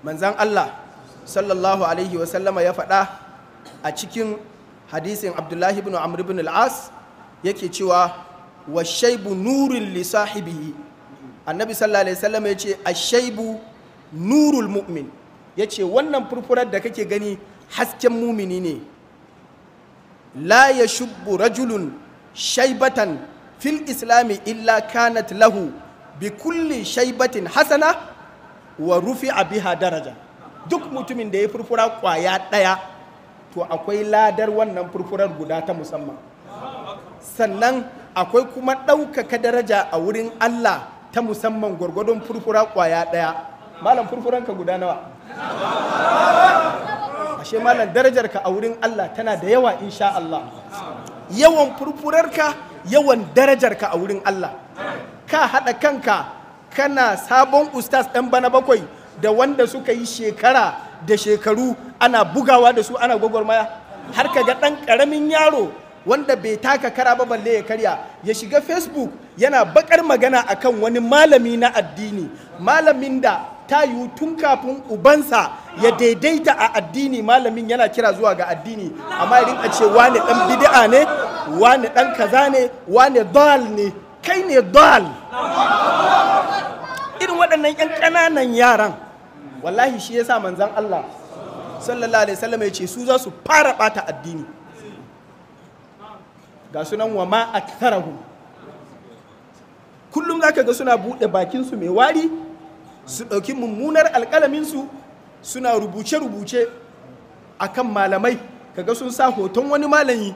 manzan Allah sallallahu alaihi wasallama ya faɗa a cikin hadisin abdullahi ibn amr ibn al-as yake cewa wa shaibu nurin li annabi sallallahu alaihi wasallam ya ce ashaibu nurul mu'min ya ce wannan furfurar da kake gani hasken mumini ne la ya shubbu rajulun shaibatan fil islami illa kanat lahu bi kulli shaibatin hasana wa rufi biha daraja duk mutumin da ya furfura kwaya ɗaya to akwai ladar wannan furfurar guda ta musamman sannan akwai kuma ɗaukaka daraja a wurin Allah ta musamman gwargwadon furfura kwaya ɗaya malam furfuranka guda nawa ashe malam darajarka a wurin Allah tana da yawa insha Allah yawan furfurarka yawan darajarka a wurin Allah ka haɗa kanka kana sabon ustas ɗan bana bakwai da wanda suka yi shekara da shekaru ana bugawa da su ana gwagwarmaya har ka ga ɗan ƙaramin yaro wanda bai taka kara ba balle ya karya ya shiga facebook yana bakar magana akan wani malami na addini malamin da ta yiwu tun kafin ubansa ya daidaita a addini malamin yana kira zuwa ga addini amma irin a ce wane dan bid'a ne wani dan kaza ne wani dal ne kai ne dal waɗannan 'yan ƙananan yaran wallahi shi ya sa manzan Allah sallallahu alaihi wasallam ya ce su za su fara ɓata addini ga sunan wa ma aktharahum kullum zaka ga suna buɗe bakinsu mai wari su ɗauki mummunar alƙalaminsu suna rubuce-rubuce akan malamai kaga sun sa hoton wani malami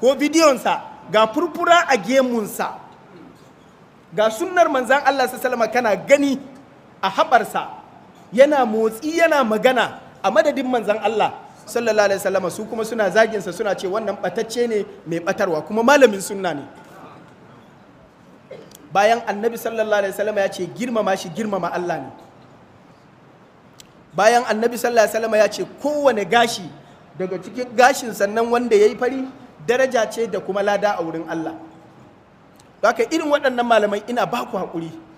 ko bidiyon sa ga furfura a gemunsa ga sunnar manzan Allah wasallam kana gani a haɓarsa yana motsi yana magana a madadin manzan Allah sallallahu alaihi wasallama su kuma suna zaginsa suna ce wannan batacce ne mai ɓatarwa kuma malamin sunna ne bayan annabi sallallahu alaihi wasallama ya ce girmama shi girmama Allah ne bayan annabi sallallahu alaihi wasallama ya ce kowane gashi daga cikin gashin sannan wanda ya yi fari daraja ce da kuma lada a wurin Allah haka irin waɗannan malamai ina ba ku haƙuri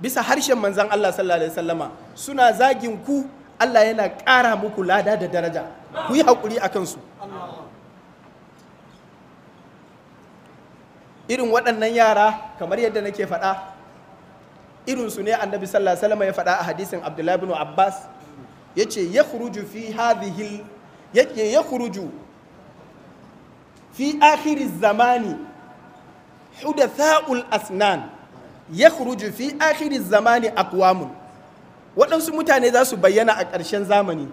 bisa harshen manzan Allah sallallahu alaihi wasallama suna zagin ku Allah yana ƙara muku lada da daraja ku yi haƙuri a kansu irin waɗannan yara kamar yadda nake faɗa irinsu ne annabi sallallahu alaihi wasallama ya faɗa a hadisin abdullahi bin abbas ya ce ya kuruju fi hadhihi ya kuruju fi akhiri zamani hudatha'ul asnan ya fi akhiri zamani akwamun waɗansu mutane za su bayyana a ƙarshen zamani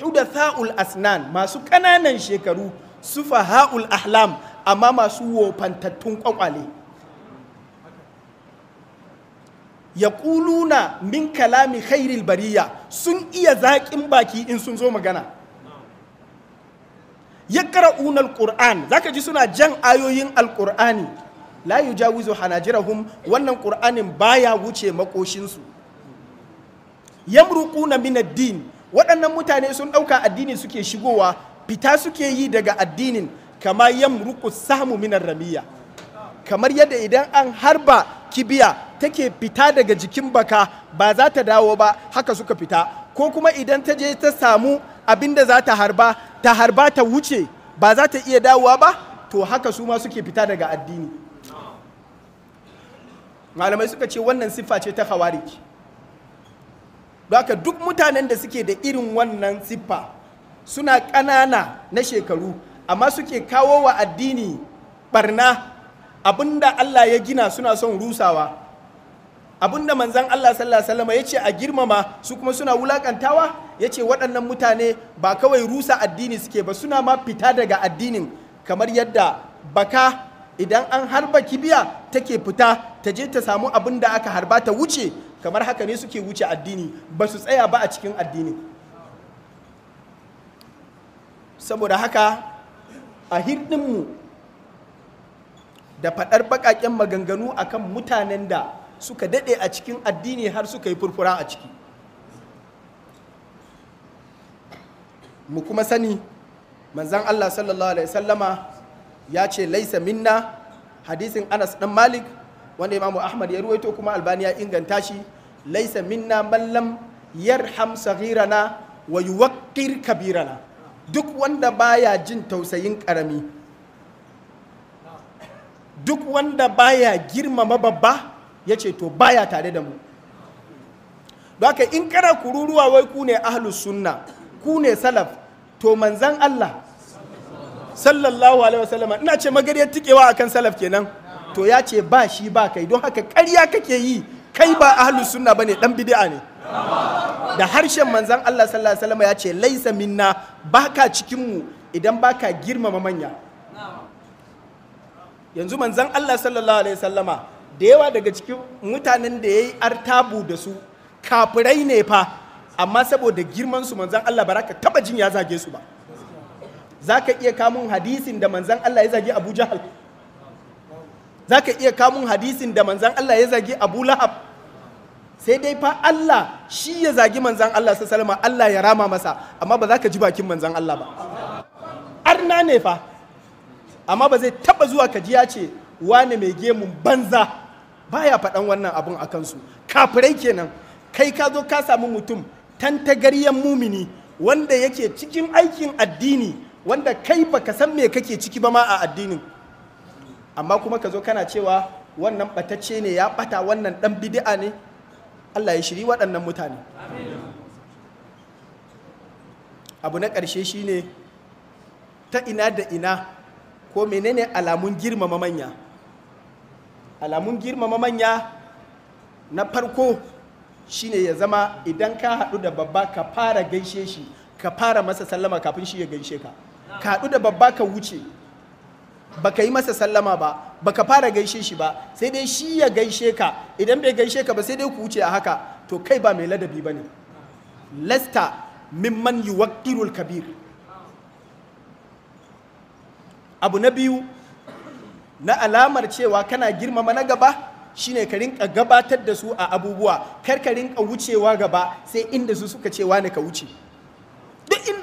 hudatha'ul asnan masu ƙananan shekaru su faha'ul ahlam amma masu wofantattun ƙwaƙwale ya ƙuluna min kalami khairil bariya sun iya zaƙin baki in sun zo magana ya ƙara'unar ƙur'an za ka ji suna jan ayoyin alƙur'ani la yujawizu hanajirahum wannan ƙur'anin baya wuce makoshinsu yamruquna min ad waɗannan mutane sun ɗauka addini suke shigowa fita suke yi daga addinin kama yamruqu samu minar ramiya kamar yadda idan an harba kibiya take fita daga jikin baka ba za ta dawo ba haka suka fita ko kuma idan ta je ta samu abinda za ta harba ta harba ta wuce ba za ta iya dawowa ba to haka su ma suke fita daga addini malamai suka ce wannan siffa ce ta khawarij haka duk mutanen da suke da irin wannan siffa suna ƙanana na shekaru amma suke kawo wa addini barna abinda Allah ya gina suna son rusawa abinda manzan Allah sallallahu alaihi wasallam ya ce a girmama su kuma suna wulakantawa ya ce waɗannan mutane ba kawai rusa addini suke ba suna ma fita daga addinin kamar yadda baka idan an harba kibiya take fita ta je ta samu abin da aka harba ta wuce kamar haka ne suke wuce addini ba su tsaya ba a cikin addini saboda haka a hirdinmu da faɗar baƙaƙen maganganu akan mutanen da suka daɗe a cikin addini har suka yi furfura a ciki mu kuma sani manzan allah sallallahu alaihi sallama ya ce laisa minna hadisin anas dan malik wanda imamu ahmad ya ruwaito kuma albani ya inganta shi laisa minna mallam yarham saghirana wa yuwaqqir kabirana duk wanda baya jin tausayin karami duk wanda baya girmama babba ya ce to baya tare da mu haka in kana kururuwa wai ku ne ahlus sunna ku ne salaf to manzan Allah sallallahu alaihi wasallam ina ce magariyar tikewa akan salaf kenan to ya ce ba shi ba kai don haka ƙarya kake yi kai ba ahlus sunna bane dan bid'a ne da harshen manzon Allah sallallahu alaihi ya ce laisa minna baka cikin mu idan baka girmama manya yanzu manzon Allah sallallahu alaihi wasallama da yawa daga cikin mutanen da yayi artabu da su kafirai ne fa amma saboda girman su manzon Allah baraka taba jin ya zage su ba za ka iya kamun hadisin da manzan Allah ya zagi abu jahal za ka iya kamun hadisin da manzan Allah ya zagi abu lahab sai dai fa Allah shi ya zagi manzan Allah su salama Allah ya rama masa amma ba za ka ji bakin manzan Allah ba arna ne fa amma ba zai taba zuwa ka ji ya ce mai gemun banza baya faɗan wannan abun a kansu kafirai kenan kai ka zo ka samu mutum tantagaryen mumini wanda yake cikin aikin addini wanda kai baka san me kake ciki ba ma a addinin amma kuma ka zo kana cewa wannan batacce ne ya bata wannan dan bid'a ne Allah ya shiri waɗannan mutane abu na ƙarshe shine ta ina da ina ko menene alamun girmama manya alamun girmama manya na farko shine ya zama idan ka haɗu da babba ka fara gaishe shi ka fara masa sallama kafin shi ya gaishe ka ka da babba ka wuce baka yi masa sallama ba baka fara gaishe shi ba sai dai shi ya gaishe ka idan bai gaishe ka ba sai dai ku wuce a haka to kai ba mai ladabi ba ne lasta mimman yuwakkirul kabir abu na biyu na alamar cewa kana girmama na gaba shine ka rinka gabatar da su a abubuwa kar ka rinka wucewa gaba sai inda su suka cewa ne ka wuce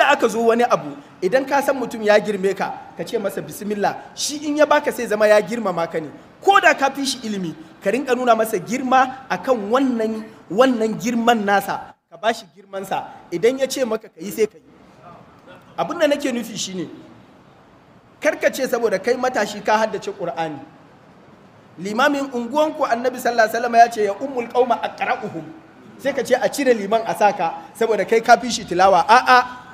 aka zo wani abu idan ka san mutum ya girme ka ka ce masa bismillah shi in ya baka sai zama ya girmama ka ne ko da ka fi shi ilimi ka rinka nuna masa girma akan wannan wannan girman nasa ka ba shi girmansa idan ya ce maka ka yi sai ka yi abin da nake nufi shine ce saboda kai matashi ka haddace qur'ani limamin unguwanku annabi sallallahu alaihi wasallam ya ce ya ummul qauma aqra'uhum sai ka ce a cire liman a saka saboda kai ka fi shi tilawa a'a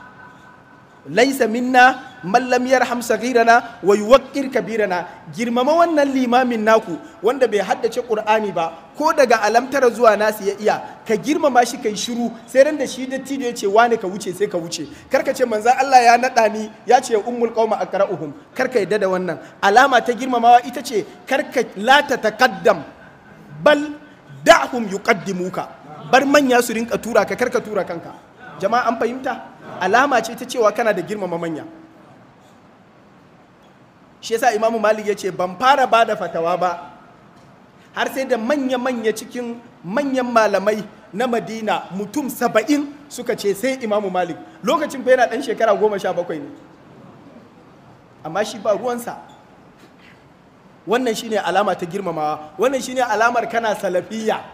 laisa minna mallam yarham saghirana wa yuwaqqir kabirana girmama wannan limamin naku wanda bai haddace qur'ani ba ko daga alamtara zuwa nasu ya iya ka girmama shi kai shiru sai ran da shi dattijo ya ce wani ka wuce sai ka wuce karka ce manzo Allah ya nada ni ya ce ummul qauma aqra'uhum karka yadda da wannan alama ta girmamawa ita ce karka lata taqaddam bal da'hum yuqaddimuka bar manya su rinka tura ka karka tura kanka jama'a an fahimta alama ce ta cewa kana da girmama manya shi yasa imamu malik ya ce ban fara ba da fatawa ba har sai da manya-manya cikin manyan malamai na madina mutum saba'in suka ce sai imamu malik lokacin fa yana dan shekara goma sha bakwai ne amma shi ba ruwansa wannan shine alama ta girmamawa wannan shine alamar kana salafiyya